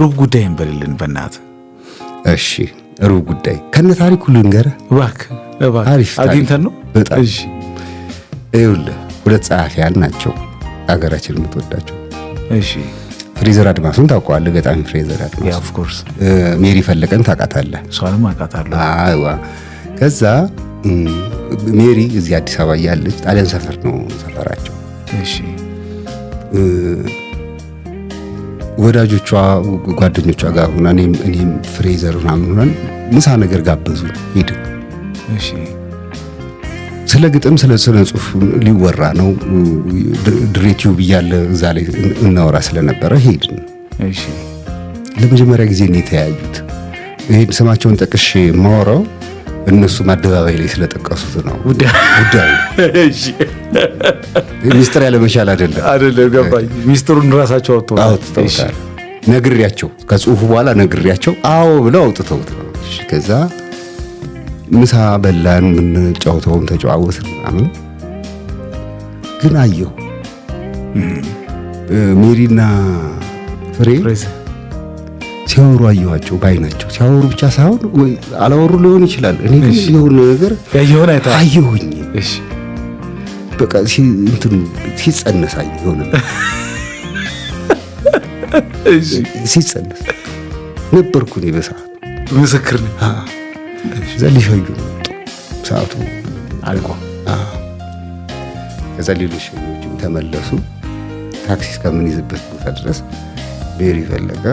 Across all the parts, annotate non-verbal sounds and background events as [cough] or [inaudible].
ሩብ ጉዳይን በልልን በእናት እሺ ሩብ ጉዳይ ከነ ታሪኩ ልንገርህ እባክህ እባክህ አግኝተን ነው በጣም እሺ ይኸውልህ ሁለት ጸሐፊያን ናቸው አገራችን የምትወዳቸው እሺ ፍሬዘር አድማሱን ታውቀዋለህ ገጣሚ ፍሬዘር አድማሱ ኦፍ ኮርስ ሜሪ ፈለቀን ታውቃታለህ እሷንም አውቃታለሁ አይዋ ከዛ ሜሪ እዚህ አዲስ አበባ እያለች ጣሊያን ሰፈር ነው ሰፈራቸው እሺ ወዳጆቿ ጓደኞቿ ጋር ሆና እኔም እኔም ፍሬዘር ምናምን ሆነን ምሳ ነገር ጋበዙ ሄድን። ስለ ግጥም ስለ ስነ ጽሁፍ ሊወራ ነው። ድሬቲዩብ እያለ እዛ ላይ እናወራ ስለነበረ ሄድን። ለመጀመሪያ ጊዜ ነው የተያዩት። ይሄን ስማቸውን ጠቅሼ ማወራው እነሱም አደባባይ ላይ ስለጠቀሱት ነው ጉዳዩ። ሚስጥር ያለመቻል አይደለም አይደለም ገባኝ። ሚስጥሩን ራሳቸው አውጥተውታል። ነግሬያቸው ከጽሁፉ በኋላ ነግሬያቸው አዎ ብለው አውጥተውት ነው። ከዛ ምሳ በላን፣ ጫውተው ተጨዋወትን ምናምን። ግን አየሁ ሜሪና ፍሬ ሲያወሩ አየኋቸው። ባይናቸው ሲያወሩ ብቻ ሳይሆን አላወሩ ሊሆን ይችላል። እኔ ግን የሆነ ነገር አየሁኝ። በቃ እንትኑ ሲጸነሳኝ የሆነ ሲጸነስ ነበርኩ እኔ በሰዓቱ ምስክር ነኝ። እዛ ሊሸኙ ሰዓቱ አልቋል። ከዛ ሌሎች ሸኞችም ተመለሱ። ታክሲ እስከምንይዝበት ቦታ ድረስ ብሄር ይፈለጋ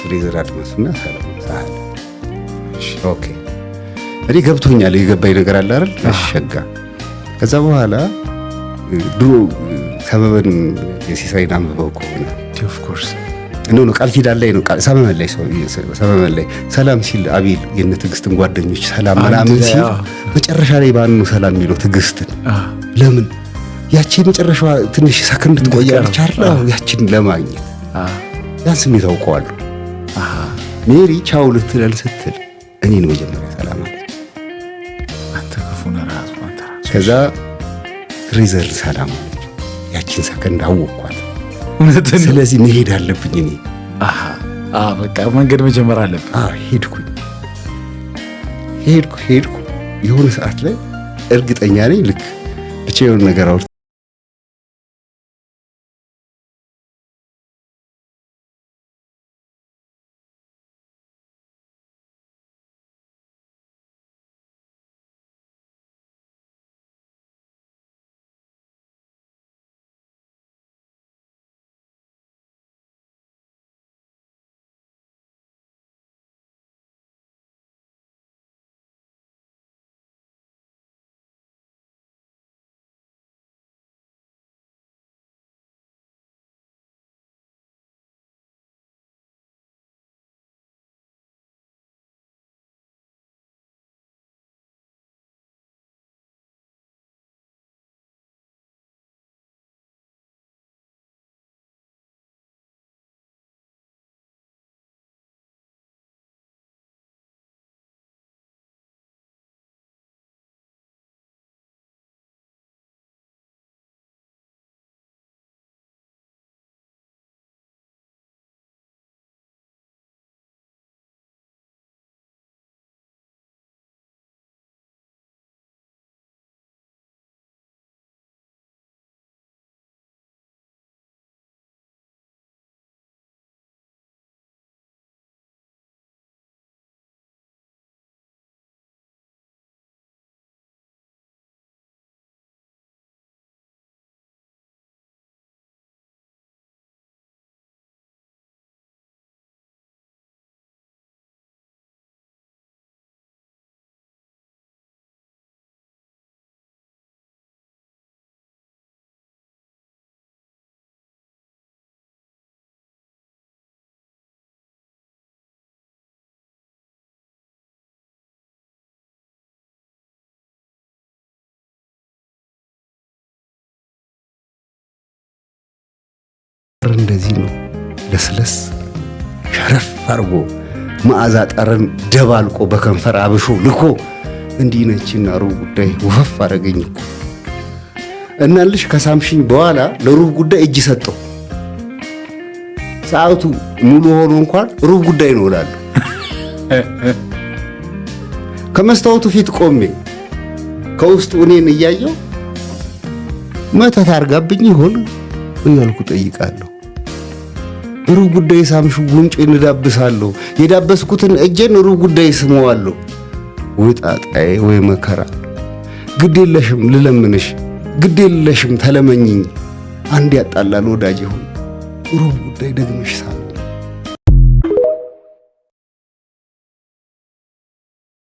ፍሬዘር አድማሱና ሰለሞን ሳህል ኦኬ እኔ ገብቶኛል። የገባኝ ነገር አለ አይደል ሸጋ ከዛ በኋላ ድሮ ሰበብን የሲሳይን አንብበው ከሆነ ኦፍኮርስ ነው ነው ቃል ኪዳን ላይ ነው ሰመመን ላይ ሰመመን ላይ ሰላም ሲል አቤል የነ ትዕግስትን ጓደኞች ሰላም ምናምን ሲል መጨረሻ ላይ ባን ነው ሰላም የሚለው ትዕግስትን ለምን ያቺን መጨረሻ ትንሽ ሰከንድ ትቆያለች አይደል? ያቺን ለማግኘት ያን ስሜት አውቀዋለሁ። ሜሪ ቻው ልትለን ስትል እኔን መጀመሪያ ሰላም አለ ከዛ ሪዘር ሰላም ያችን ሰከንድ አወቅኳት። ስለዚህ መሄድ አለብኝ እኔ በቃ መንገድ መጀመር አለብኝ። ሄድኩኝ ሄድኩ ሄድኩ የሆነ ሰዓት ላይ እርግጠኛ ነኝ ልክ ብቻ የሆነ ነገር እንደዚህ ነው ለስለስ ሸረፍ አርጎ መዓዛ ጠርን ደባልቆ በከንፈር አብሾ ልኮ እንዲህ ነችና ሩብ ጉዳይ ውፈፍ አረገኝ እኮ እናልሽ ከሳምሽኝ በኋላ ለሩብ ጉዳይ እጅ ሰጠው። ሰዓቱ ሙሉ ሆኖ እንኳን ሩብ ጉዳይ ነው እላለሁ። [laughs] ከመስታወቱ ፊት ቆሜ ከውስጡ እኔን እያየው መተት አርጋብኝ ይሆን እያልኩ ጠይቃለሁ። ሩብ ጉዳይ ሳምሹ ጉንጭ እዳብሳለሁ፣ የዳበስኩትን እጄን ሩብ ጉዳይ ስመዋለሁ። ወይ ጣጣዬ ወይ መከራ፣ ግድ የለሽም ልለምንሽ፣ ግድ የለሽም ተለመኝኝ። አንድ ያጣላል ወዳጅ ሁን ሩብ ጉዳይ ደግመሽ ሳ